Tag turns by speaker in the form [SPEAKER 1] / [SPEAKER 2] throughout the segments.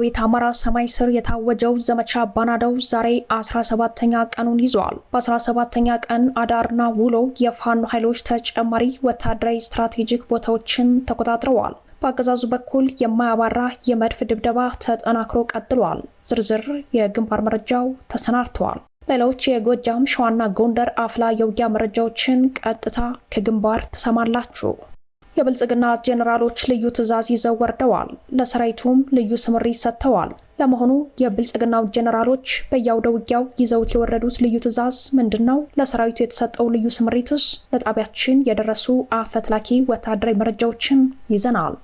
[SPEAKER 1] ቤት አማራ ሰማይ ስር የታወጀው ዘመቻ ባናደው ዛሬ 17ተኛ ቀኑን ይዘዋል። በ17ተኛ ቀን አዳርና ውሎ የፋኖ ኃይሎች ተጨማሪ ወታደራዊ ስትራቴጂክ ቦታዎችን ተቆጣጥረዋል። በአገዛዙ በኩል የማያባራ የመድፍ ድብደባ ተጠናክሮ ቀጥሏል። ዝርዝር የግንባር መረጃው ተሰናድተዋል። ሌሎች የጎጃም ሸዋና ጎንደር አፍላ የውጊያ መረጃዎችን ቀጥታ ከግንባር ትሰማላችሁ። የብልጽግና ጄኔራሎች ልዩ ትዕዛዝ ይዘው ወርደዋል። ለሰራዊቱም ልዩ ስምሪት ሰጥተዋል። ለመሆኑ የብልጽግናው ጄኔራሎች በየአውደ ውጊያው ይዘውት የወረዱት ልዩ ትዕዛዝ ምንድን ነው? ለሰራዊቱ የተሰጠው ልዩ ስምሪትስ? ለጣቢያችን የደረሱ አፈትላኪ ወታደራዊ መረጃዎችን ይዘናል።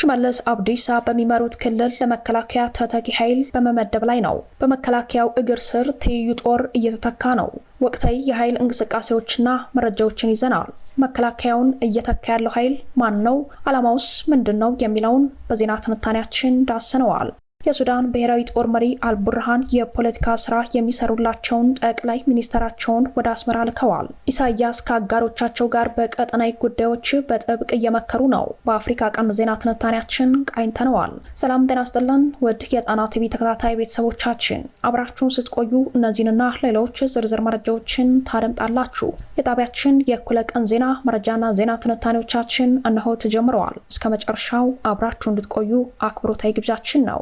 [SPEAKER 1] ሽመልስ አብዲሳ በሚመሩት ክልል ለመከላከያ ተተኪ ኃይል በመመደብ ላይ ነው። በመከላከያው እግር ስር ትይዩ ጦር እየተተካ ነው። ወቅታዊ የኃይል እንቅስቃሴዎችና መረጃዎችን ይዘናል። መከላከያውን እየተካ ያለው ኃይል ማን ነው? ዓላማውስ ምንድን ነው? የሚለውን በዜና ትንታኔያችን ዳስነዋል። የሱዳን ብሔራዊ ጦር መሪ አልቡርሃን የፖለቲካ ስራ የሚሰሩላቸውን ጠቅላይ ሚኒስተራቸውን ወደ አስመራ ልከዋል። ኢሳያስ ከአጋሮቻቸው ጋር በቀጠናዊ ጉዳዮች በጥብቅ እየመከሩ ነው። በአፍሪካ ቀን ዜና ትንታኔያችን ቃኝተነዋል። ሰላም ጤና ስጥልን ውድ የጣና ቲቪ ተከታታይ ቤተሰቦቻችን፣ አብራችሁን ስትቆዩ እነዚህንና ሌሎች ዝርዝር መረጃዎችን ታደምጣላችሁ። የጣቢያችን የእኩለ ቀን ዜና መረጃና ዜና ትንታኔዎቻችን እነሆ ተጀምረዋል። እስከ መጨረሻው አብራችሁ እንድትቆዩ አክብሮታዊ ግብዣችን ነው።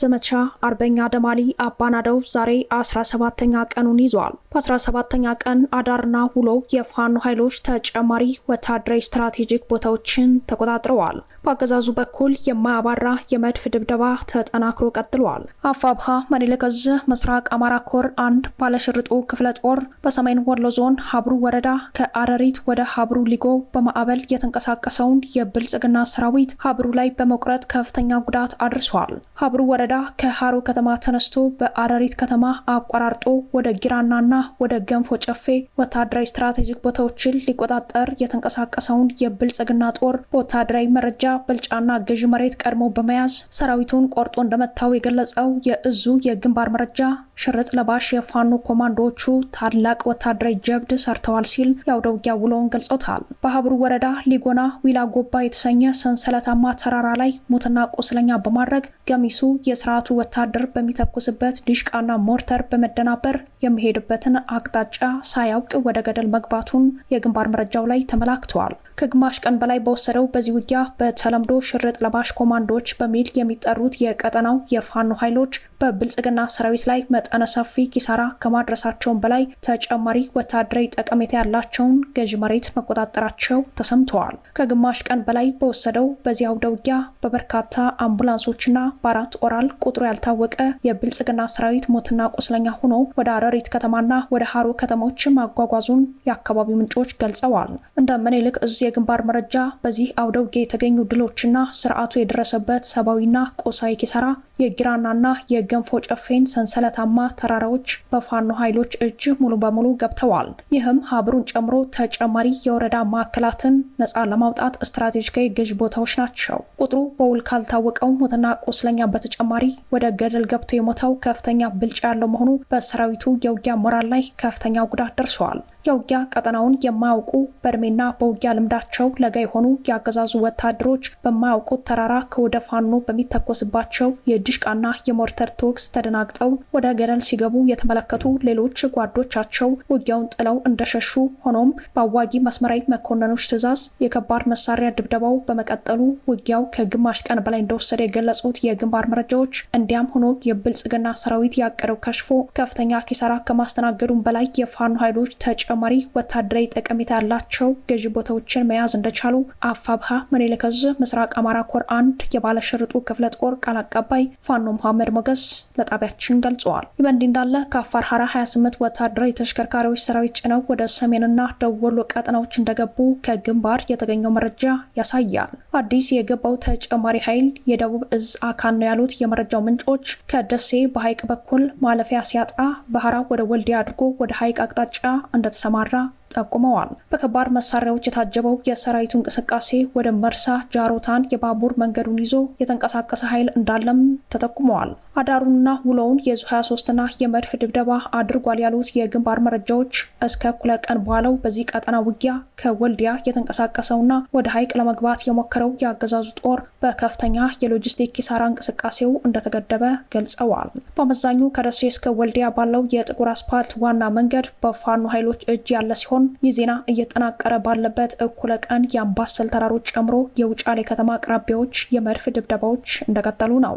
[SPEAKER 1] ዘመቻ አርበኛ ደማሊ አባናደው ዛሬ 17ኛ ቀኑን ይዟል። በ17ኛ ቀን አዳርና ውሎ የፋኖ ኃይሎች ተጨማሪ ወታደራዊ ስትራቴጂክ ቦታዎችን ተቆጣጥረዋል። በአገዛዙ በኩል የማያባራ የመድፍ ድብደባ ተጠናክሮ ቀጥሏል። አፋብሃ መኒልክ ዕዝ ምስራቅ አማራ ኮር አንድ ባለሽርጡ ክፍለ ጦር በሰሜን ወሎ ዞን ሀብሩ ወረዳ ከአረሪት ወደ ሀብሩ ሊጎ በማዕበል የተንቀሳቀሰውን የብልጽግና ሰራዊት ሀብሩ ላይ በመቁረጥ ከፍተኛ ጉዳት አድርሷል። ሀብሩ ወረዳ ከሀሮ ከተማ ተነስቶ በአረሪት ከተማ አቋራርጦ ወደ ጊራናና ወደ ገንፎ ጨፌ ወታደራዊ ስትራቴጂክ ቦታዎችን ሊቆጣጠር የተንቀሳቀሰውን የብልጽግና ጦር በወታደራዊ መረጃ ብልጫና ገዢ መሬት ቀድሞ በመያዝ ሰራዊቱን ቆርጦ እንደመታው የገለጸው የእዙ የግንባር መረጃ ሽርጥ ለባሽ የፋኖ ኮማንዶዎቹ ታላቅ ወታደራዊ ጀብድ ሰርተዋል ሲል የአውደውጊያ ውሎውን ገልጾታል። በሀብሩ ወረዳ ሊጎና ዊላ ጎባ የተሰኘ ሰንሰለታማ ተራራ ላይ ሞትና ቁስለኛ በማድረግ ገሚሱ የስርዓቱ ወታደር በሚተኩስበት ዲሽቃና ሞርተር በመደናበር የሚሄድበትን አቅጣጫ ሳያውቅ ወደ ገደል መግባቱን የግንባር መረጃው ላይ ተመላክተዋል። ከግማሽ ቀን በላይ በወሰደው በዚህ ውጊያ በተለምዶ ሽርጥ ለባሽ ኮማንዶዎች በሚል የሚጠሩት የቀጠናው የፋኖ ኃይሎች በብልጽግና ሰራዊት ላይ መጠነ ሰፊ ኪሳራ ከማድረሳቸውን በላይ ተጨማሪ ወታደራዊ ጠቀሜታ ያላቸውን ገዥ መሬት መቆጣጠራቸው ተሰምተዋል። ከግማሽ ቀን በላይ በወሰደው በዚህ አውደ ውጊያ በበርካታ አምቡላንሶችና በአራት ኦራል ቁጥሩ ያልታወቀ የብልጽግና ሰራዊት ሞትና ቁስለኛ ሆኖ ወደ አረሪት ከተማና ወደ ሀሮ ከተሞች ማጓጓዙን የአካባቢው ምንጮች ገልጸዋል። እንደ ምኒልክ እዝ የግንባር መረጃ በዚህ አውደ ውጊያ የተገኙ ድሎችና ስርዓቱ የደረሰበት ሰብአዊና ቁሳዊ ኪሳራ የጊራናና የገንፎ ጨፌን ሰንሰለታማ ተራራዎች በፋኖ ኃይሎች እጅ ሙሉ በሙሉ ገብተዋል። ይህም ሀብሩን ጨምሮ ተጨማሪ የወረዳ ማዕከላትን ነፃ ለማውጣት ስትራቴጂካዊ ገዥ ቦታዎች ናቸው። ቁጥሩ በውል ካልታወቀው ሞትና ቁስለኛ በተጨማሪ ወደ ገደል ገብቶ የሞተው ከፍተኛ ብልጫ ያለው መሆኑ በሰራዊቱ የውጊያ ሞራል ላይ ከፍተኛ ጉዳት ደርሷል። የውጊያ ቀጠናውን የማያውቁ በእድሜና በውጊያ ልምዳቸው ለጋ የሆኑ የአገዛዙ ወታደሮች በማያውቁት ተራራ ከወደ ፋኖ በሚተኮስባቸው የድሽቃና የሞርተር ተኩስ ተደናግጠው ወደ ገደል ሲገቡ የተመለከቱ ሌሎች ጓዶቻቸው ውጊያውን ጥለው እንደሸሹ፣ ሆኖም በአዋጊ መስመራዊ መኮንኖች ትዕዛዝ የከባድ መሳሪያ ድብደባው በመቀጠሉ ውጊያው ከግማሽ ቀን በላይ እንደወሰደ የገለጹት የግንባር መረጃዎች፣ እንዲያም ሆኖ የብልጽግና ሰራዊት ያቀደው ከሽፎ ከፍተኛ ኪሳራ ከማስተናገዱም በላይ የፋኖ ኃይሎች ተጨ በተጨማሪ ወታደራዊ ጠቀሜታ ያላቸው ገዢ ቦታዎችን መያዝ እንደቻሉ አፋብሃ ምኒልክ ምስራቅ አማራ ኮር አንድ የባለሽርጡ ክፍለ ጦር ቃል አቀባይ ፋኖ መሐመድ ሞገስ ለጣቢያችን ገልጸዋል። ይህ በእንዲህ እንዳለ ከአፋር ሀራ 28 ወታደራዊ ተሽከርካሪዎች ሰራዊት ጭነው ወደ ሰሜንና ደቡብ ወሎ ቀጠናዎች እንደገቡ ከግንባር የተገኘው መረጃ ያሳያል። አዲስ የገባው ተጨማሪ ኃይል የደቡብ እዝ አካል ነው ያሉት የመረጃው ምንጮች ከደሴ በሀይቅ በኩል ማለፊያ ሲያጣ ባህራ ወደ ወልዲያ አድርጎ ወደ ሀይቅ አቅጣጫ እንደተሳ ሰማራ ጠቁመዋል። በከባድ መሳሪያዎች የታጀበው የሰራዊቱ እንቅስቃሴ ወደ መርሳ ጃሮታን የባቡር መንገዱን ይዞ የተንቀሳቀሰ ኃይል እንዳለም ተጠቁመዋል። አዳሩንና ውሎውን የዙ 23ና የመድፍ ድብደባ አድርጓል ያሉት የግንባር መረጃዎች እስከ እኩለ ቀን በኋላው በዚህ ቀጠና ውጊያ ከወልዲያ የተንቀሳቀሰውና ወደ ሐይቅ ለመግባት የሞከረው የአገዛዙ ጦር በከፍተኛ የሎጂስቲክ ኪሳራ እንቅስቃሴው እንደተገደበ ገልጸዋል። በአመዛኙ ከደሴ እስከ ወልዲያ ባለው የጥቁር አስፓልት ዋና መንገድ በፋኖ ኃይሎች እጅ ያለ ሲሆን ይህ ዜና እየተጠናቀረ ባለበት እኩለ ቀን የአምባሰል ተራሮች ጨምሮ የውጫሌ ከተማ አቅራቢያዎች የመድፍ ድብደባዎች እንደቀጠሉ ነው።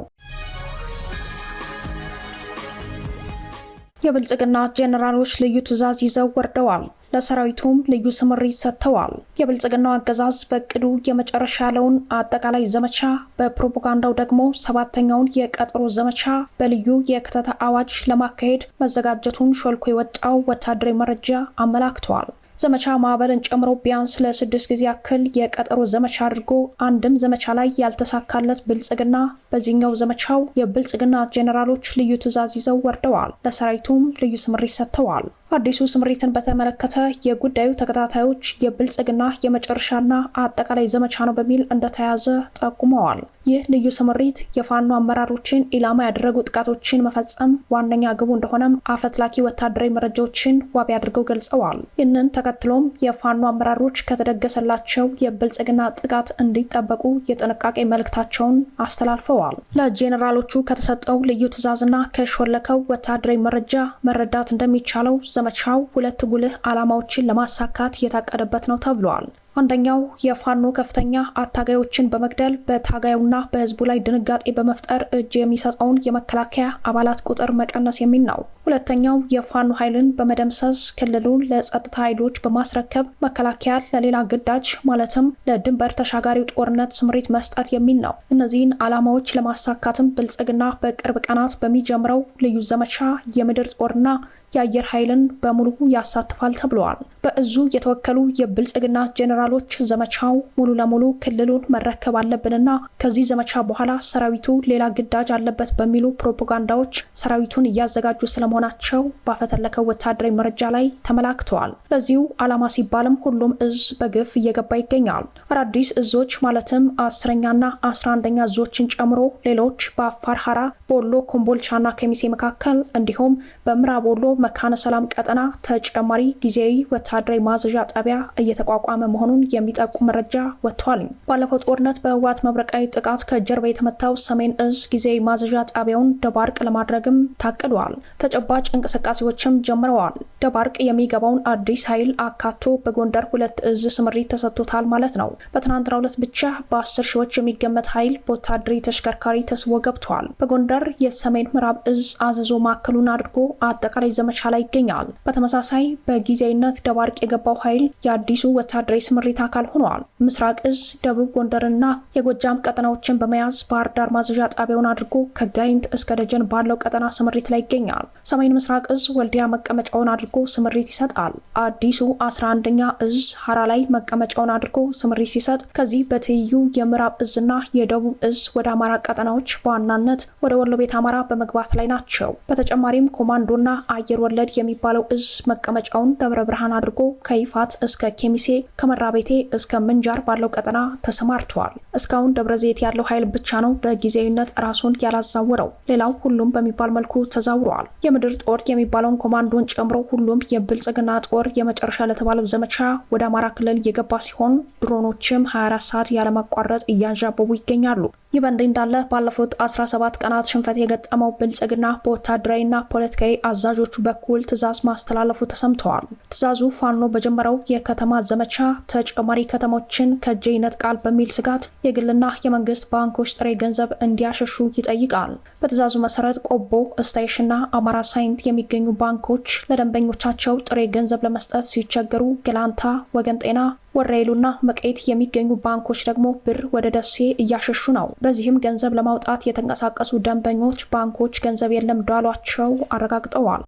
[SPEAKER 1] የብልጽግና ጄኔራሎች ልዩ ትዕዛዝ ይዘው ወርደዋል። ለሰራዊቱም ልዩ ስምሪት ሰጥተዋል። የብልጽግናው አገዛዝ በእቅዱ የመጨረሻ ያለውን አጠቃላይ ዘመቻ፣ በፕሮፓጋንዳው ደግሞ ሰባተኛውን የቀጠሮ ዘመቻ በልዩ የክተት አዋጅ ለማካሄድ መዘጋጀቱን ሾልኮ የወጣው ወታደራዊ መረጃ አመላክተዋል። ዘመቻ ማዕበልን ጨምሮ ቢያንስ ለስድስት ጊዜ ያክል የቀጠሮ ዘመቻ አድርጎ አንድም ዘመቻ ላይ ያልተሳካለት ብልጽግና በዚህኛው ዘመቻው የብልጽግና ጄኔራሎች ልዩ ትዕዛዝ ይዘው ወርደዋል። ለሰራዊቱም ልዩ ስምሪት ሰጥተዋል። አዲሱ ስምሪትን በተመለከተ የጉዳዩ ተከታታዮች የብልጽግና የመጨረሻና አጠቃላይ ዘመቻ ነው በሚል እንደተያዘ ጠቁመዋል። ይህ ልዩ ስምሪት የፋኖ አመራሮችን ኢላማ ያደረጉ ጥቃቶችን መፈጸም ዋነኛ ግቡ እንደሆነም አፈትላኪ ወታደራዊ መረጃዎችን ዋቢ አድርገው ገልጸዋል። ይህንን ተከትሎም የፋኖ አመራሮች ከተደገሰላቸው የብልጽግና ጥቃት እንዲጠበቁ የጥንቃቄ መልእክታቸውን አስተላልፈዋል። ለጄኔራሎቹ ከተሰጠው ልዩ ትዕዛዝና ከሾለከው ወታደራዊ መረጃ መረዳት እንደሚቻለው ዘመቻው ሁለት ጉልህ ዓላማዎችን ለማሳካት እየታቀደበት ነው ተብሏል። አንደኛው የፋኖ ከፍተኛ አታጋዮችን በመግደል በታጋዩና በህዝቡ ላይ ድንጋጤ በመፍጠር እጅ የሚሰጠውን የመከላከያ አባላት ቁጥር መቀነስ የሚል ነው። ሁለተኛው የፋኖ ኃይልን በመደምሰስ ክልሉን ለጸጥታ ኃይሎች በማስረከብ መከላከያ ለሌላ ግዳጅ ማለትም ለድንበር ተሻጋሪው ጦርነት ስምሪት መስጠት የሚል ነው። እነዚህን ዓላማዎች ለማሳካትም ብልጽግና በቅርብ ቀናት በሚጀምረው ልዩ ዘመቻ የምድር ጦርና የአየር ኃይልን በሙሉ ያሳትፋል ተብለዋል። በእዙ የተወከሉ የብልጽግና ጀኔራሎች ዘመቻው ሙሉ ለሙሉ ክልሉን መረከብ አለብንና ከዚህ ዘመቻ በኋላ ሰራዊቱ ሌላ ግዳጅ አለበት በሚሉ ፕሮፓጋንዳዎች ሰራዊቱን እያዘጋጁ ስለመሆናቸው ባፈተለከው ወታደራዊ መረጃ ላይ ተመላክተዋል። ለዚሁ ዓላማ ሲባልም ሁሉም እዝ በግፍ እየገባ ይገኛል። አዳዲስ እዞች ማለትም አስረኛና አስራ አንደኛ እዞችን ጨምሮ ሌሎች በአፋር ሐራ በወሎ ኮምቦልቻና ከሚሴ መካከል እንዲሁም በምዕራብ ወሎ መካነ ሰላም ቀጠና ተጨማሪ ጊዜያዊ ወታ ወታደራዊ ማዘዣ ጣቢያ እየተቋቋመ መሆኑን የሚጠቁም መረጃ ወጥቷል። ባለፈው ጦርነት በህወሓት መብረቃዊ ጥቃት ከጀርባ የተመታው ሰሜን እዝ ጊዜያዊ ማዘዣ ጣቢያውን ደባርቅ ለማድረግም ታቅዷል። ተጨባጭ እንቅስቃሴዎችም ጀምረዋል። ደባርቅ የሚገባውን አዲስ ኃይል አካቶ በጎንደር ሁለት እዝ ስምሪት ተሰጥቶታል ማለት ነው። በትናንትናው ዕለት ብቻ በአስር ሺዎች የሚገመት ኃይል በወታደራዊ ተሽከርካሪ ተስቦ ገብቷል። በጎንደር የሰሜን ምዕራብ እዝ አዘዞ ማዕከሉን አድርጎ አጠቃላይ ዘመቻ ላይ ይገኛል። በተመሳሳይ በጊዜያዊነት ደባ ማርቅ የገባው ኃይል የአዲሱ ወታደራዊ ስምሪት አካል ሆኗል። ምስራቅ እዝ፣ ደቡብ ጎንደርና የጎጃም ቀጠናዎችን በመያዝ ባህር ዳር ማዘዣ ጣቢያውን አድርጎ ከጋይንት እስከ ደጀን ባለው ቀጠና ስምሪት ላይ ይገኛል። ሰሜን ምስራቅ እዝ ወልዲያ መቀመጫውን አድርጎ ስምሪት ይሰጣል። አዲሱ 11ኛ እዝ ሀራ ላይ መቀመጫውን አድርጎ ስምሪት ሲሰጥ ከዚህ በትይዩ የምዕራብ እዝና የደቡብ እዝ ወደ አማራ ቀጠናዎች በዋናነት ወደ ወሎ ቤት አማራ በመግባት ላይ ናቸው። በተጨማሪም ኮማንዶና አየር ወለድ የሚባለው እዝ መቀመጫውን ደብረ ብርሃን አድርጎ ከይፋት እስከ ኬሚሴ ከመራቤቴ እስከ ምንጃር ባለው ቀጠና ተሰማርተዋል። እስካሁን ደብረ ያለው ኃይል ብቻ ነው በጊዜያዊነት ራሱን ያላዛወረው። ሌላው ሁሉም በሚባል መልኩ ተዛውረዋል። የምድር ጦር የሚባለውን ኮማንዶን ጨምሮ ሁሉም የብልጽግና ጦር የመጨረሻ ለተባለው ዘመቻ ወደ አማራ ክልል የገባ ሲሆን ድሮኖችም 24 ሰዓት ያለማቋረጥ እያንዣበቡ ይገኛሉ። ይህ በእንዲህ እንዳለ ባለፉት 17 ቀናት ሽንፈት የገጠመው ብልጽግና በወታደራዊና ፖለቲካዊ አዛዦቹ በኩል ትዕዛዝ ማስተላለፉ ተሰምተዋል። ትዕዛዙ ፋኖ በጀመረው የከተማ ዘመቻ ተጨማሪ ከተሞችን ከእጄ ይነጥቃል በሚል ስጋት የግልና የመንግስት ባንኮች ጥሬ ገንዘብ እንዲያሸሹ ይጠይቃል። በትዕዛዙ መሰረት ቆቦ፣ እስታይሽና አማራ ሳይንት የሚገኙ ባንኮች ለደንበኞቻቸው ጥሬ ገንዘብ ለመስጠት ሲቸገሩ ገላንታ፣ ወገን ጤና ወረኢሉና መቀይት የሚገኙ ባንኮች ደግሞ ብር ወደ ደሴ እያሸሹ ነው። በዚህም ገንዘብ ለማውጣት የተንቀሳቀሱ ደንበኞች ባንኮች ገንዘብ የለም እንዳሏቸው አረጋግጠዋል።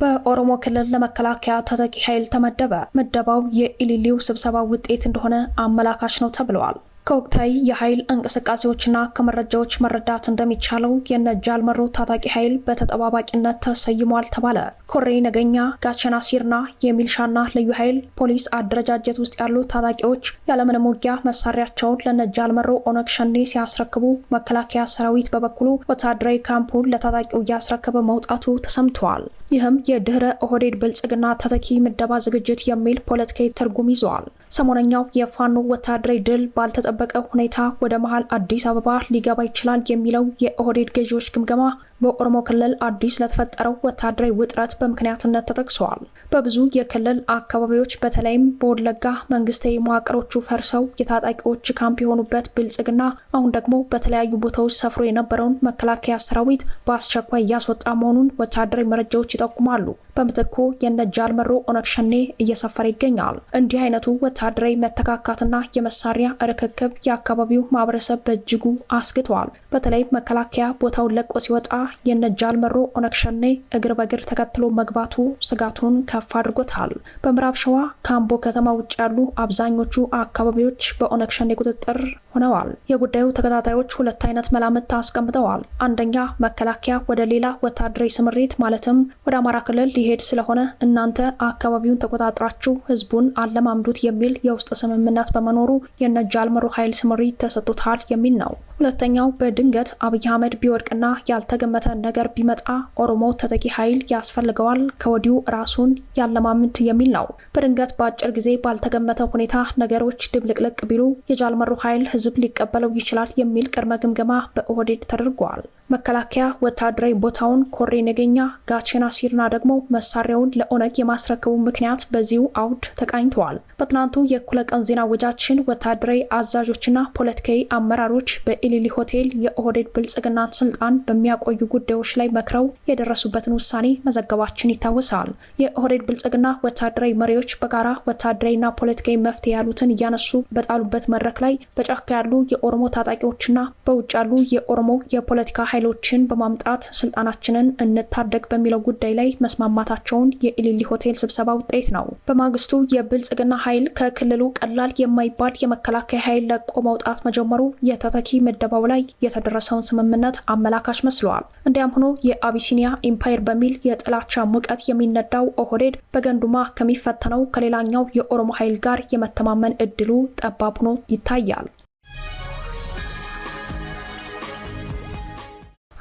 [SPEAKER 1] በኦሮሞ ክልል ለመከላከያ ተተኪ ኃይል ተመደበ። ምደባው የኢሊሊው ስብሰባ ውጤት እንደሆነ አመላካች ነው ተብለዋል። ከወቅታዊ የኃይል እንቅስቃሴዎችና ከመረጃዎች መረዳት እንደሚቻለው የነጃል መሩ ታጣቂ ኃይል በተጠባባቂነት ተሰይሟል ተባለ። ኮሬ ነገኛ፣ ጋቸና ሲርና የሚልሻና ልዩ ኃይል ፖሊስ አደረጃጀት ውስጥ ያሉ ታጣቂዎች ያለምንም ውጊያ መሳሪያቸውን ለነጃል መሩ ኦነግ ሸኔ ሲያስረክቡ፣ መከላከያ ሰራዊት በበኩሉ ወታደራዊ ካምፑን ለታጣቂው እያስረከበ መውጣቱ ተሰምተዋል። ይህም የድህረ ኦህዴድ ብልጽግና ተተኪ ምደባ ዝግጅት የሚል ፖለቲካዊ ትርጉም ይዘዋል። ሰሞነኛው የፋኖ ወታደራዊ ድል ባልተጠበቀ ሁኔታ ወደ መሀል አዲስ አበባ ሊገባ ይችላል የሚለው የኦህዴድ ገዢዎች ግምገማ በኦሮሞ ክልል አዲስ ለተፈጠረው ወታደራዊ ውጥረት በምክንያትነት ተጠቅሰዋል። በብዙ የክልል አካባቢዎች በተለይም በወለጋ መንግስታዊ መዋቅሮቹ ፈርሰው የታጣቂዎች ካምፕ የሆኑበት ብልጽግና አሁን ደግሞ በተለያዩ ቦታዎች ሰፍሮ የነበረውን መከላከያ ሰራዊት በአስቸኳይ እያስወጣ መሆኑን ወታደራዊ መረጃዎች ይጠቁማሉ። በምትኩ የነጃል መሮ ኦነግ ሸኔ እየሰፈረ ይገኛል። እንዲህ አይነቱ ወታደራዊ መተካካትና የመሳሪያ ርክክብ የአካባቢው ማህበረሰብ በእጅጉ አስግተዋል። በተለይ መከላከያ ቦታውን ለቆ ሲወጣ የነጃል መሮ ኦነግ ሸኔ እግር በእግር ተከትሎ መግባቱ ስጋቱን ከፍ አድርጎታል። በምዕራብ ሸዋ ከአምቦ ከተማ ውጭ ያሉ አብዛኞቹ አካባቢዎች በኦነግ ሸኔ ቁጥጥር ሆነዋል። የጉዳዩ ተከታታዮች ሁለት አይነት መላምት አስቀምጠዋል። አንደኛ መከላከያ ወደ ሌላ ወታደራዊ ስምሪት ማለትም ወደ አማራ ክልል ሊሄድ ስለሆነ እናንተ አካባቢውን ተቆጣጥራችሁ ህዝቡን አለማምዱት የሚል የውስጥ ስምምነት በመኖሩ የነጃል መሮ ኃይል ስምሪት ተሰጥቶታል የሚል ነው። ሁለተኛው በድንገት አብይ አህመድ ቢወድቅና ያልተገመ ያልተገመተ ነገር ቢመጣ ኦሮሞ ተተኪ ኃይል ያስፈልገዋል፣ ከወዲሁ ራሱን ያለማምንት የሚል ነው። በድንገት በአጭር ጊዜ ባልተገመተ ሁኔታ ነገሮች ድብልቅልቅ ቢሉ የጃልመሩ ኃይል ህዝብ ሊቀበለው ይችላል የሚል ቅድመ ግምገማ በኦህዴድ ተደርጓል። መከላከያ ወታደራዊ ቦታውን ኮሬ ነገኛ፣ ጋቼና ሲርና ደግሞ መሳሪያውን ለኦነግ የማስረከቡ ምክንያት በዚሁ አውድ ተቃኝተዋል። በትናንቱ የእኩለ ቀን ዜና ወጃችን ወታደራዊ አዛዦችና ፖለቲካዊ አመራሮች በኢሊሊ ሆቴል የኦህዴድ ብልጽግና ስልጣን በሚያቆዩ ጉዳዮች ላይ መክረው የደረሱበትን ውሳኔ መዘገባችን ይታወሳል። የኦህዴድ ብልጽግና ወታደራዊ መሪዎች በጋራ ወታደራዊና ፖለቲካዊ መፍትሄ ያሉትን እያነሱ በጣሉበት መድረክ ላይ በጫካ ያሉ የኦሮሞ ታጣቂዎችና በውጭ ያሉ የኦሮሞ የፖለቲካ ኃይሎችን በማምጣት ስልጣናችንን እንታደግ በሚለው ጉዳይ ላይ መስማማታቸውን የኢሊሊ ሆቴል ስብሰባ ውጤት ነው። በማግስቱ የብልጽግና ኃይል ከክልሉ ቀላል የማይባል የመከላከያ ኃይል ለቆ መውጣት መጀመሩ የተተኪ ምደባው ላይ የተደረሰውን ስምምነት አመላካች መስለዋል። እንዲያም ሆኖ የአቢሲኒያ ኢምፓየር በሚል የጥላቻ ሙቀት የሚነዳው ኦህዴድ በገንዱማ ከሚፈተነው ከሌላኛው የኦሮሞ ኃይል ጋር የመተማመን እድሉ ጠባብ ሆኖ ይታያል።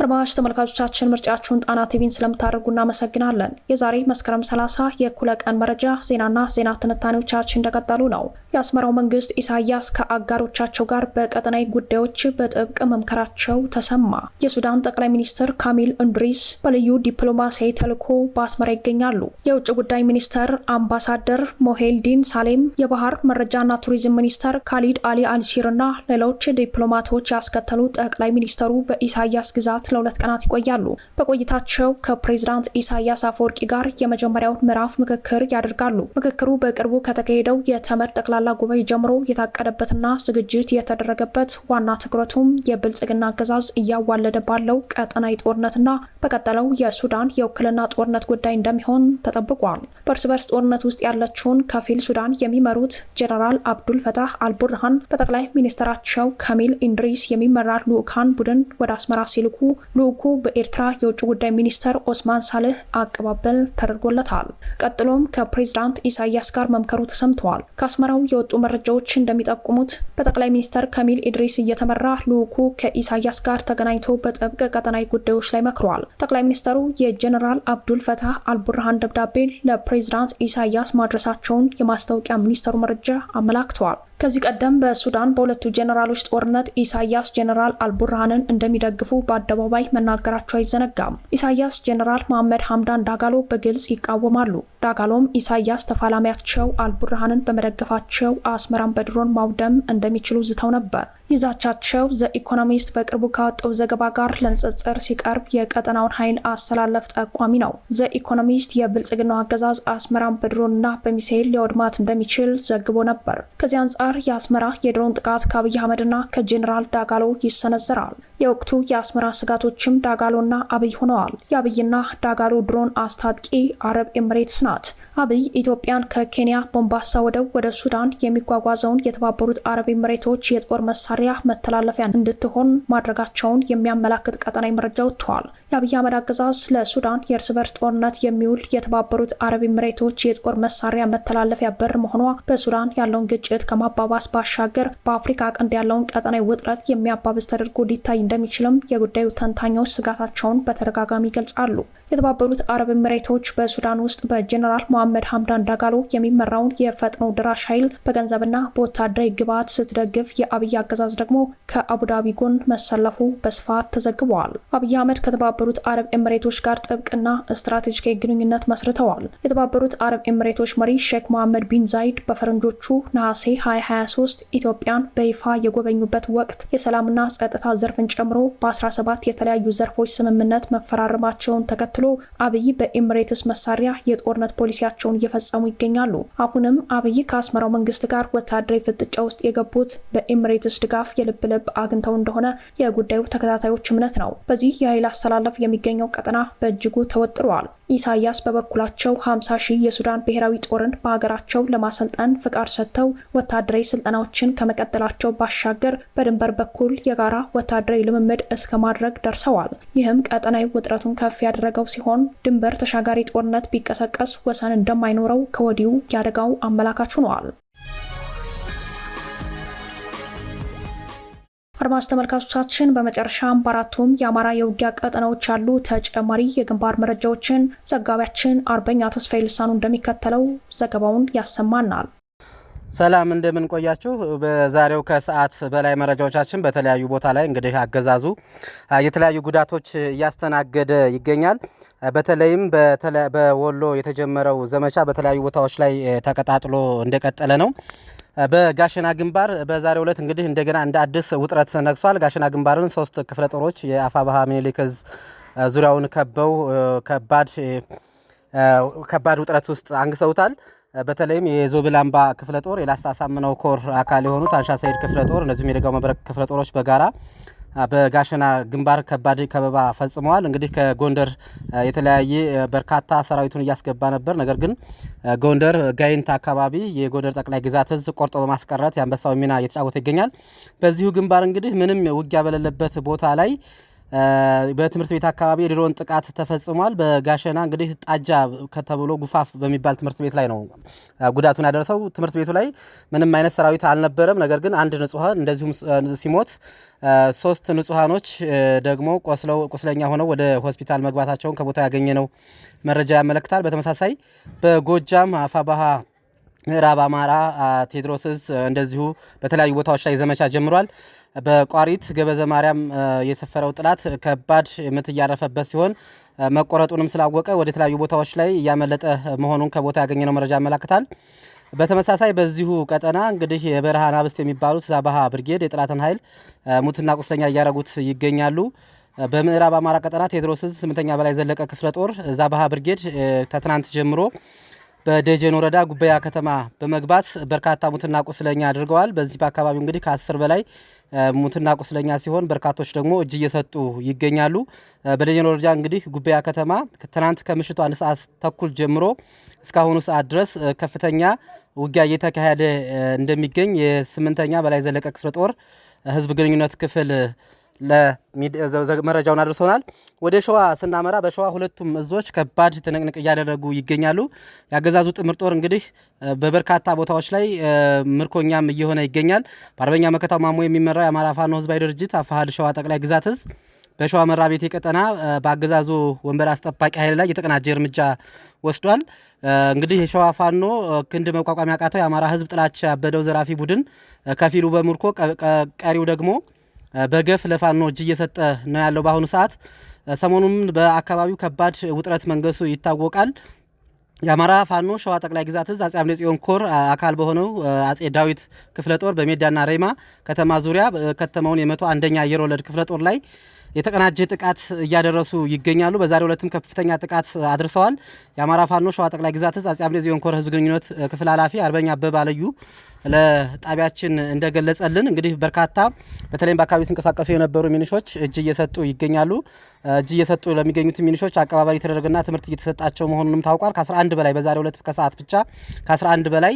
[SPEAKER 1] አድማጭ ተመልካቾቻችን ምርጫችሁን ጣና ቲቪን ስለምታደርጉ እናመሰግናለን። የዛሬ መስከረም 30 የእኩለ ቀን መረጃ ዜናና ዜና ትንታኔዎቻችን እንደቀጠሉ ነው። የአስመራው መንግስት ኢሳያስ ከአጋሮቻቸው ጋር በቀጠናዊ ጉዳዮች በጥብቅ መምከራቸው ተሰማ። የሱዳን ጠቅላይ ሚኒስትር ካሚል እንድሪስ በልዩ ዲፕሎማሲያዊ ተልዕኮ በአስመራ ይገኛሉ። የውጭ ጉዳይ ሚኒስተር አምባሳደር ሞሄልዲን ሳሌም፣ የባህር መረጃና ቱሪዝም ሚኒስተር ካሊድ አሊ አልሺር እና ሌሎች ዲፕሎማቶች ያስከተሉ ጠቅላይ ሚኒስተሩ በኢሳያስ ግዛት ለአራት ለሁለት ቀናት ይቆያሉ። በቆይታቸው ከፕሬዚዳንት ኢሳያስ አፈወርቂ ጋር የመጀመሪያውን ምዕራፍ ምክክር ያደርጋሉ። ምክክሩ በቅርቡ ከተካሄደው የተመድ ጠቅላላ ጉባኤ ጀምሮ የታቀደበትና ዝግጅት የተደረገበት ዋና ትኩረቱም የብልጽግና አገዛዝ እያዋለደ ባለው ቀጠናዊ ጦርነትና በቀጠለው የሱዳን የውክልና ጦርነት ጉዳይ እንደሚሆን ተጠብቋል። በእርስ በርስ ጦርነት ውስጥ ያለችውን ከፊል ሱዳን የሚመሩት ጀነራል አብዱል ፈታህ አልቡርሃን በጠቅላይ ሚኒስትራቸው ከሚል ኢንድሪስ የሚመራ ልዑካን ቡድን ወደ አስመራ ሲልኩ ልኡኩ በኤርትራ የውጭ ጉዳይ ሚኒስተር ኦስማን ሳልህ አቀባበል ተደርጎለታል። ቀጥሎም ከፕሬዚዳንት ኢሳያስ ጋር መምከሩ ተሰምተዋል። ከአስመራው የወጡ መረጃዎች እንደሚጠቁሙት በጠቅላይ ሚኒስተር ከሚል ኢድሪስ እየተመራ ልኡኩ ከኢሳያስ ጋር ተገናኝቶ በጥብቅ ቀጠናዊ ጉዳዮች ላይ መክረዋል። ጠቅላይ ሚኒስተሩ የጀኔራል አብዱል ፈታህ አልቡርሃን ደብዳቤ ለፕሬዚዳንት ኢሳያስ ማድረሳቸውን የማስታወቂያ ሚኒስተሩ መረጃ አመላክተዋል። ከዚህ ቀደም በሱዳን በሁለቱ ጀኔራሎች ጦርነት ኢሳያስ ጀኔራል አልቡርሃንን እንደሚደግፉ በአደባባይ መናገራቸው አይዘነጋም። ኢሳያስ ጀኔራል መሐመድ ሐምዳን ዳጋሎ በግልጽ ይቃወማሉ። ዳጋሎም ኢሳያስ ተፋላሚያቸው አልቡርሃንን በመደገፋቸው አስመራን በድሮን ማውደም እንደሚችሉ ዝተው ነበር። ይዛቻቸው ዘ ኢኮኖሚስት በቅርቡ ካወጣው ዘገባ ጋር ለንጽጽር ሲቀርብ የቀጠናውን ኃይል አሰላለፍ ጠቋሚ ነው። ዘኢኮኖሚስት ኢኮኖሚስት የብልጽግናው አገዛዝ አስመራን በድሮንና በሚሳኤል ሊወድማት እንደሚችል ዘግቦ ነበር። ከዚህ አንጻር የአስመራ የድሮን ጥቃት ከአብይ አህመድና ከጄኔራል ዳጋሎ ይሰነዝራል። የወቅቱ የአስመራ ስጋቶችም ዳጋሎና አብይ ሆነዋል። የአብይና ዳጋሎ ድሮን አስታጥቂ አረብ ኤምሬትስ ናት። ናት። አብይ ኢትዮጵያን ከኬንያ ቦምባሳ ወደብ ወደ ሱዳን የሚጓጓዘውን የተባበሩት አረብ ኤምሬቶች የጦር መሳሪያ መተላለፊያ እንድትሆን ማድረጋቸውን የሚያመላክት ቀጠናዊ መረጃ ወጥቷል። የአብይ አህመድ አገዛዝ ለሱዳን የእርስ በርስ ጦርነት የሚውል የተባበሩት አረብ ኤምሬቶች የጦር መሳሪያ መተላለፊያ በር መሆኗ በሱዳን ያለውን ግጭት ከማባባስ ባሻገር በአፍሪካ ቀንድ ያለውን ቀጠናዊ ውጥረት የሚያባብስ ተደርጎ ሊታይ እንደሚችልም የጉዳዩ ተንታኞች ስጋታቸውን በተደጋጋሚ ይገልጻሉ። የተባበሩት አረብ ኤምሬቶች በሱዳን ውስጥ በጀኔራል መሐመድ ሀምዳን ዳጋሎ የሚመራውን የፈጥኖ ድራሽ ኃይል በገንዘብና በወታደራዊ ግብዓት ስትደግፍ፣ የአብይ አገዛዝ ደግሞ ከአቡዳቢ ጎን መሰለፉ በስፋት ተዘግበዋል። አብይ አህመድ ከተባበሩት አረብ ኤምሬቶች ጋር ጥብቅና ስትራቴጂካዊ ግንኙነት መስርተዋል። የተባበሩት አረብ ኤምሬቶች መሪ ሼክ መሐመድ ቢን ዛይድ በፈረንጆቹ ነሐሴ 2023 ኢትዮጵያን በይፋ የጎበኙበት ወቅት የሰላምና ጸጥታ ዘርፍን ጨምሮ በ17 የተለያዩ ዘርፎች ስምምነት መፈራረማቸውን ተከ ተከትሎ አብይ በኤምሬትስ መሳሪያ የጦርነት ፖሊሲያቸውን እየፈጸሙ ይገኛሉ። አሁንም አብይ ከአስመራው መንግስት ጋር ወታደራዊ ፍጥጫ ውስጥ የገቡት በኤምሬትስ ድጋፍ የልብ ልብ አግኝተው እንደሆነ የጉዳዩ ተከታታዮች እምነት ነው። በዚህ የኃይል አሰላለፍ የሚገኘው ቀጠና በእጅጉ ተወጥሯል። ኢሳያስ በበኩላቸው 50 ሺህ የሱዳን ብሔራዊ ጦርን በሀገራቸው ለማሰልጠን ፍቃድ ሰጥተው ወታደራዊ ስልጠናዎችን ከመቀጠላቸው ባሻገር በድንበር በኩል የጋራ ወታደራዊ ልምምድ እስከ ማድረግ ደርሰዋል። ይህም ቀጠናዊ ውጥረቱን ከፍ ያደረገው ሲሆን ድንበር ተሻጋሪ ጦርነት ቢቀሰቀስ ወሰን እንደማይኖረው ከወዲሁ ያደጋው አመላካች ሆነዋል። አድማስ ተመልካቾቻችን በመጨረሻም በአራቱም የአማራ የውጊያ ቀጠናዎች ያሉ ተጨማሪ የግንባር መረጃዎችን ዘጋቢያችን አርበኛ ተስፋዬ ልሳኑ እንደሚከተለው ዘገባውን ያሰማናል።
[SPEAKER 2] ሰላም እንደምን ቆያችሁ። በዛሬው ከሰዓት በላይ መረጃዎቻችን በተለያዩ ቦታ ላይ እንግዲህ አገዛዙ የተለያዩ ጉዳቶች እያስተናገደ ይገኛል። በተለይም በወሎ የተጀመረው ዘመቻ በተለያዩ ቦታዎች ላይ ተቀጣጥሎ እንደቀጠለ ነው። በጋሸና ግንባር በዛሬው ዕለት እንግዲህ እንደገና እንደ አዲስ ውጥረት ነግሷል። ጋሸና ግንባርን ሶስት ክፍለ ጦሮች የአፋባሃ ሚኒሊክዝ ዙሪያውን ከበው ከባድ ውጥረት ውስጥ አንግሰውታል። በተለይም የዞብል አምባ ክፍለ ጦር የላስታ ሳምነው ኮር አካል የሆኑት አንሻ ሰይድ ክፍለ ጦር እንደዚሁም የደጋው መብረቅ ክፍለ ጦሮች በጋራ በጋሸና ግንባር ከባድ ከበባ ፈጽመዋል። እንግዲህ ከጎንደር የተለያየ በርካታ ሰራዊቱን እያስገባ ነበር። ነገር ግን ጎንደር ጋይንት አካባቢ የጎንደር ጠቅላይ ግዛት እዝ ቆርጦ በማስቀረት የአንበሳው ሚና እየተጫወተ ይገኛል። በዚሁ ግንባር እንግዲህ ምንም ውጊያ በሌለበት ቦታ ላይ በትምህርት ቤት አካባቢ የድሮን ጥቃት ተፈጽሟል። በጋሸና እንግዲህ ጣጃ ከተብሎ ጉፋፍ በሚባል ትምህርት ቤት ላይ ነው ጉዳቱን ያደረሰው። ትምህርት ቤቱ ላይ ምንም አይነት ሰራዊት አልነበረም። ነገር ግን አንድ ንጹሐን እንደዚሁም ሲሞት፣ ሶስት ንጹሐኖች ደግሞ ቆስለው ቁስለኛ ሆነው ወደ ሆስፒታል መግባታቸውን ከቦታ ያገኘ ነው መረጃ ያመለክታል። በተመሳሳይ በጎጃም አፋባሃ ምዕራብ አማራ ቴድሮስስ እንደዚሁ በተለያዩ ቦታዎች ላይ ዘመቻ ጀምሯል። በቋሪት ገበዘ ማርያም የሰፈረው ጥላት ከባድ ምት እያረፈበት ሲሆን መቆረጡንም ስላወቀ ወደ ተለያዩ ቦታዎች ላይ እያመለጠ መሆኑን ከቦታ ያገኘነው መረጃ ያመላክታል። በተመሳሳይ በዚሁ ቀጠና እንግዲህ የበረሃ ብስት የሚባሉት ዛባሃ ብርጌድ የጥላትን ኃይል ሙትና ቁስለኛ እያደረጉት ይገኛሉ። በምዕራብ አማራ ቀጠና ቴዎድሮስ ስምንተኛ በላይ ዘለቀ ክፍለ ጦር ዛባሃ ብርጌድ ከትናንት ጀምሮ በደጀን ወረዳ ጉበያ ከተማ በመግባት በርካታ ሙትና ቁስለኛ አድርገዋል። በዚህ በአካባቢው እንግዲህ ከአስር በላይ ሙትና ቁስለኛ ሲሆን በርካቶች ደግሞ እጅ እየሰጡ ይገኛሉ። በደጀን ወረዳ እንግዲህ ጉበያ ከተማ ትናንት ከምሽቱ አንድ ሰዓት ተኩል ጀምሮ እስካሁኑ ሰዓት ድረስ ከፍተኛ ውጊያ እየተካሄደ እንደሚገኝ የስምንተኛ በላይ ዘለቀ ክፍለ ጦር ህዝብ ግንኙነት ክፍል መረጃውን አድርሰውናል። ወደ ሸዋ ስናመራ በሸዋ ሁለቱም እዞች ከባድ ትንቅንቅ እያደረጉ ይገኛሉ። የአገዛዙ ጥምር ጦር እንግዲህ በበርካታ ቦታዎች ላይ ምርኮኛም እየሆነ ይገኛል። በአርበኛ መከታው ማሞ የሚመራው የአማራ ፋኖ ህዝባዊ ድርጅት አፋሃድ ሸዋ ጠቅላይ ግዛት እዝ በሸዋ መራ ቤቴ ቀጠና በአገዛዙ ወንበር አስጠባቂ ኃይል ላይ የተቀናጀ እርምጃ ወስዷል። እንግዲህ የሸዋ ፋኖ ክንድ መቋቋም ያቃተው የአማራ ህዝብ ጥላቻ ያበደው ዘራፊ ቡድን ከፊሉ በምርኮ ቀሪው ደግሞ በገፍ ለፋኖ እጅ እየሰጠ ነው ያለው በአሁኑ ሰዓት። ሰሞኑም በአካባቢው ከባድ ውጥረት መንገሱ ይታወቃል። የአማራ ፋኖ ሸዋ ጠቅላይ ግዛት እዝ አጼ አምደ ጽዮን ኮር አካል በሆነው አጼ ዳዊት ክፍለ ጦር በሜዳና ሬማ ከተማ ዙሪያ ከተማውን የመቶ አንደኛ አየር ወለድ ክፍለ ጦር ላይ የተቀናጀ ጥቃት እያደረሱ ይገኛሉ። በዛሬው ዕለትም ከፍተኛ ጥቃት አድርሰዋል። የአማራ ፋኖ ሸዋ ጠቅላይ ግዛት እዝ አጼ አምደ ጽዮን ኮር ህዝብ ግንኙነት ክፍል ኃላፊ አርበኛ አበባ ልዩ ለጣቢያችን እንደገለጸልን እንግዲህ በርካታ በተለይም በአካባቢ ሲንቀሳቀሱ የነበሩ ሚኒሾች እጅ እየሰጡ ይገኛሉ። እጅ እየሰጡ ለሚገኙት ሚኒሾች አቀባበል የተደረገና ትምህርት እየተሰጣቸው መሆኑንም ታውቋል። ከ11 በላይ በዛሬው ዕለት ከሰዓት ብቻ ከ11 በላይ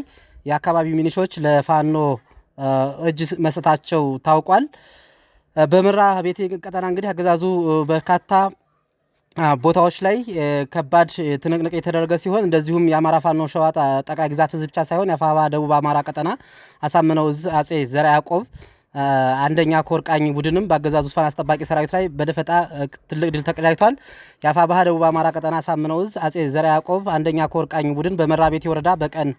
[SPEAKER 2] የአካባቢ ሚኒሾች ለፋኖ እጅ መስጠታቸው ታውቋል። በምራ ሐረርጌ ቀጠና እንግዲህ አገዛዙ በርካታ ቦታዎች ላይ ከባድ ትንቅንቅ የተደረገ ሲሆን እንደዚሁም የአማራ ፋኖ ሸዋ ጠቅላይ ግዛት ህዝብ ብቻ ሳይሆን የአፋባ ደቡብ አማራ ቀጠና አሳምነው እዝ አጼ ዘርዓ ያዕቆብ አንደኛ ኮርቃኝ ቡድንም በአገዛዙ ዙፋን አስጠባቂ ሰራዊት ላይ በደፈጣ ትልቅ ድል ተቀዳጅቷል። የአፋ ባህ ደቡብ አማራ ቀጠና ሳምነው እዝ አጼ ዘርዓ ያዕቆብ አንደኛ ኮርቃኝ ቡድን በመራ በመራቤቴ ወረዳ በቀን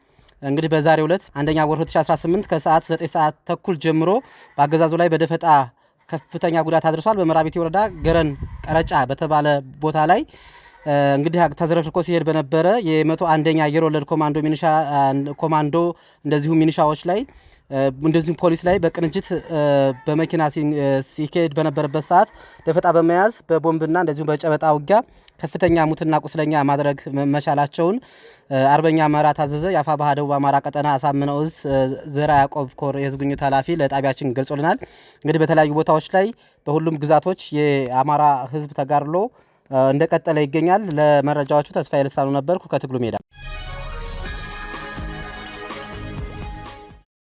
[SPEAKER 2] እንግዲህ በዛሬው ዕለት አንደኛ ወር 2018 ከሰዓት 9 ሰዓት ተኩል ጀምሮ በአገዛዙ ላይ በደፈጣ ከፍተኛ ጉዳት አድርሷል። በመራቤቴ ወረዳ ገረን ቀረጫ በተባለ ቦታ ላይ እንግዲህ ተዝረክርኮ ሲሄድ በነበረ የመቶ አንደኛ አየር ወለድ ኮማንዶ ሚኒሻ ኮማንዶ እንደዚሁ ሚኒሻዎች ላይ እንደዚሁም ፖሊስ ላይ በቅንጅት በመኪና ሲካሄድ በነበረበት ሰዓት ደፈጣ በመያዝ በቦምብና እንደዚሁም በጨበጣ ውጊያ ከፍተኛ ሙትና ቁስለኛ ማድረግ መቻላቸውን አርበኛ መራ ታዘዘ የአፋ ባህ ደቡብ አማራ ቀጠና አሳምነው እዝ ዘራ ያዕቆብ ኮር የህዝብ ግንኙነት ኃላፊ ለጣቢያችን ገልጾልናል። እንግዲህ በተለያዩ ቦታዎች ላይ በሁሉም ግዛቶች የአማራ ህዝብ ተጋድሎ እንደቀጠለ ይገኛል። ለመረጃዎቹ ተስፋዬ ልሳኑ ነበርኩ ከትግሉ ሜዳ